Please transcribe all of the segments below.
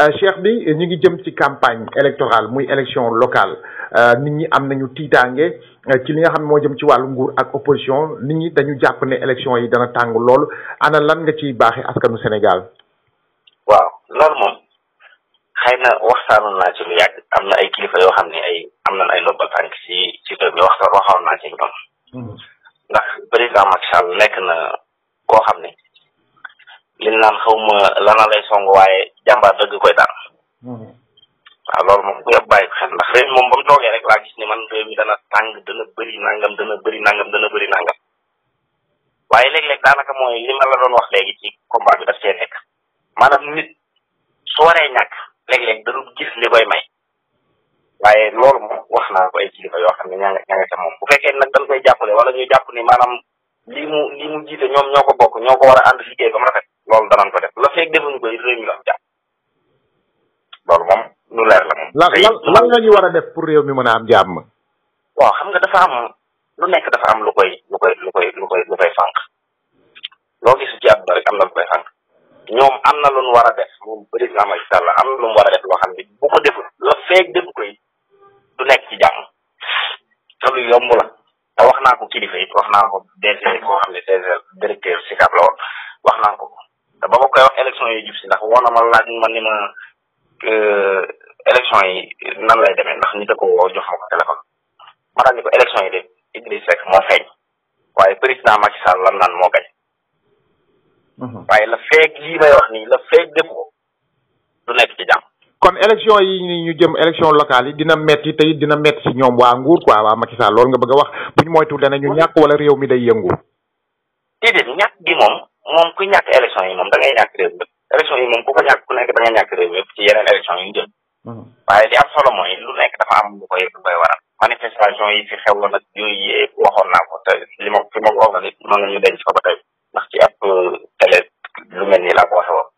Euh, cheikh bi ñu ngi jëm ci campagne électorale muy élection locale euh, nit ñi am nañu tiitaange euh, ci li nga xam ne moo jëm ci wàllu nguur ak opposition nit ñi dañu jàpp ne élection yi dana tàng lool ana lan nga ciy baaxee askanu Sénégal. waaw loolu moom xëy na waxtaanoon naa ci lu yàgg am na ay kilifa yoo xam ne ay am nañ ay ndombal tànk ci ci réew mi waxtaan waxoon naa ci ñoom. Mm-hmm. ndax président Macky Sall nekk na koo xam ne. li naan xaw ma lana lay song waaye jàmbaar dagg koy daan. Hmm. waaw loolu moom ñëpp bàyyi ko xel ndax réew moom ba mu toogee rek laa gis ni man réew dana tàng dana bëri nangam dana bëri nangam dana bëri nangam. waaye léeg-léeg daanaka mooy li ma la doon wax léegi ci combat bi daf cee nekk. maanaam nit su waree ñàkk léeg-léeg da dul gis li koy may. waaye loolu moom wax naa ko ay kilifa yoo xam ne ña nga ca moom bu fekkee nag dañ koy jàppale wala ñuy jàpp ni maanaam lii mu lii mu jiite ñoom ñoo ko bokk ñoo ko war a ànd liggéey rafet. loolu danañ ko def la feeg defuñu ko it réew mi la am jàpp loolu moom lu leer la moom. lan lan la ñu war a def pour réew mi mën a am jàmm. waaw xam nga dafa am lu nekk dafa am lu koy lu koy lu koy lu koy lu koy loo gis ci àdduna na lu ñoom am na lu nu war a def moom président Macky Sall am na lu mu war a def loo xam ne bu ko la feeg defu ko it du nekk ci jàmm te lu yomb la te wax naa ko kilifa it wax naa ko DG koo xam ne DG directeur SICAP la woon. élection yi si ndax woon na ma laaj ma ni ma euh, élection yi nan lay demee ndax nit a ko jox ma ko téléphone ma daal ni ko élection yi de Idriss waaye président Macky Sall mhm. la feeg la feeg def ko du nekk yi jëm élection locale yi dina metti tey dina metti ci ñoom waa nguur mi day yëngu moom moom ku ñàkk élection yi moom da ngay réew mi élection yi moom ku ko ñàkk ku nekk da nga ñàkk réew yëpp ci yeneen élection yi ñu jëm waaye lu nekk dafa am lu koy lu koy waral manifestation yi fi xewoon nag yooyu yëpp waxoon naa ko te li ma fi ma ko waxoon it noonu la ko ba tey ndax ci ab télé lu mel nii laa ko waxee woon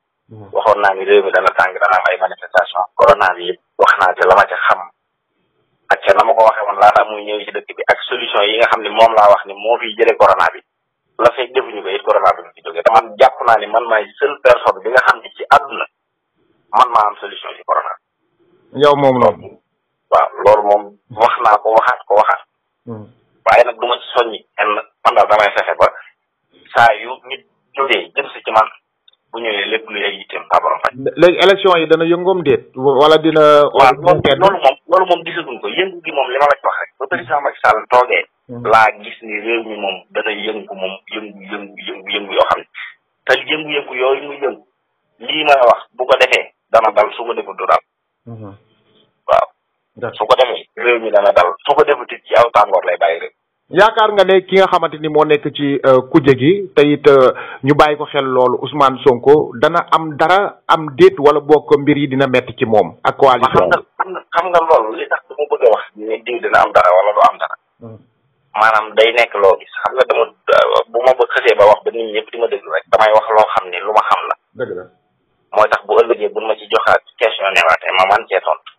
waxoon naa ni réew mi dana tàng dana am ay manifestation corona bi yëpp wax naa ci la ma ca xam ak ca na ma ko waxee woon laata muy ñëw ci dëkk bi ak solution yi nga xam ne moom laa wax ni moo fiy jëlee corona bi la fekk defuñu ko it corona bi man jàpp naa man maay seule personne bi nga xam ne ci àdduna man maa am solution ci corona. yow moom la. waaw loolu moom wax naa ko waxaat ko waxaat. Hmm. waaye nag du ma ci soññi kenn man ba saa yu nit jógee ci man bu ñëwee lépp lu yay yitteem saa borom yi dana yëngoom déet. wala dina. waaw loolu moom loolu moom gisaguñ ko yëngu gi moom li ma la wax rek. ba président Macky Sall toogee. Hmm. laa gis ni réew mi moom dana yëngu moom yëngu yëngu yëngu yëngu yoo xam ne te yëngu-yëngu yooyu muy yëngu lii may wax bu ko defee dana dal su ko defut du dal hmm. waaw ko defee réew mi dana dal su ko defut it ci aw tàngoor lay bàyyi rek yaakaar nga ne ki nga xamante ni moo nekk ci euh, kuje gi te it euh, ñu bàyyi ko xel loolu Ousmane Sonko dana am dara am déet wala bokk mbir yi dina metti ci moom ak coalition xam nga xam nga loolu li tax dama bëgg a wax dina am dara wala du am dara maanaam day nekk loo gis xam nga dama bu ma ba xësee ba wax ba nit ñëpp di ma déglu a damay wax loo xam ne lu ma xam la. dëgg la mooy tax bu ëllëgee buñ ma ci joxaat question ne waate ma man cee tontu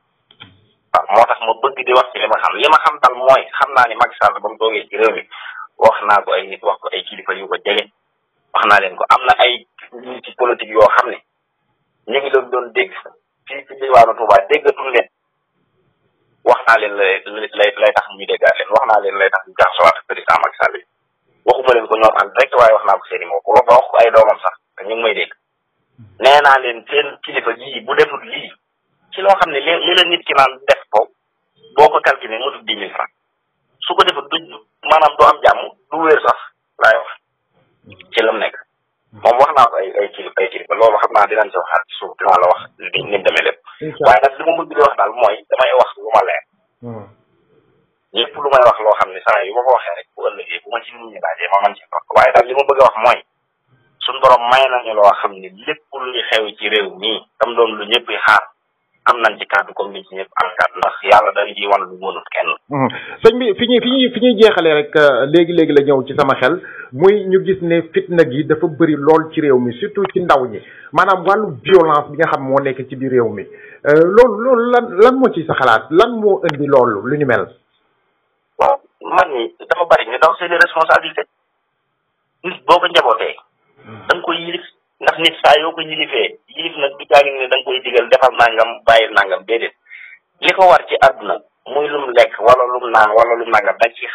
waaw moo tax ma bëgg di wax ci li ma xam li ma xam tal mooy xam naa ni Macky Sall ba mu toogee ci réew mi wax naa ko ay nit wax ko ay kilifa yu ko jege wax naa leen ko am na ay nit ci politique yoo xam ne ñu ngi doon doon dégg fii ci diwaanu Touba wax naa leen lay lay lay tax ñuy déggaat leen wax naa leen lay tax ñu jaxasowaat président Macky Sall bi waxuma leen ko ñoom en direct waaye wax naa ko seen i mbokk wax ko ay doomam sax te ñu ngi may dégg ne naa leen seen kilifa gii bu defut lii ci loo xam ne li li la nit ki naan def ko boo ko calculé mu tudd dix mille francs su ko defut du maanaam du am jàmm du wér sax laay lu ci lam nekk moom wax naa ko ay ay kilifa ay loolu xam naa dinañ ci waxaat ci suuf la wax ni mu demee li ma mën di wax daal wax lu ma leer um hmm. lépp lu may wax loo xam ne saa yu ma ko waxee rek bu ëllëgee bu ma ci nit ma mën ci toog waaye daal li ma bëgg wax mooy suñ borom may nañu loo xam ne lépp luy xew ci réew mii tam doon lu ñëpp xaar am nañ ci kàddu comme ni ci ñëpp am kàddu ndax yàlla dañ ciy wan lu mënut kenn. Mhm. sëñ bi fi ñuy fi ñuy fi ñuy jeexalee rek euh, léegi léegi la ñëw ci sama xel muy ñu gis ne fitna gi dafa bëri lool ci réew mi surtout ci ndaw ñi maanaam wàllu violence bi nga xam moo nekk ci biir réew mi euh, loolu loolu lan lan moo ci sa xalaat lan moo indi loolu lu ñu mel. man ni dafa bëri ñu daw seen responsabilité boo ko njabootee. Mhm. da nga koy yilif ndax nit saa yoo ko yilifee yilif nag du caagi ne da nga koy digal defal nangam bàyyi nangam déedéet li ko war ci àdduna muy mu lekk wala lum naan wala lum nangam dañ ci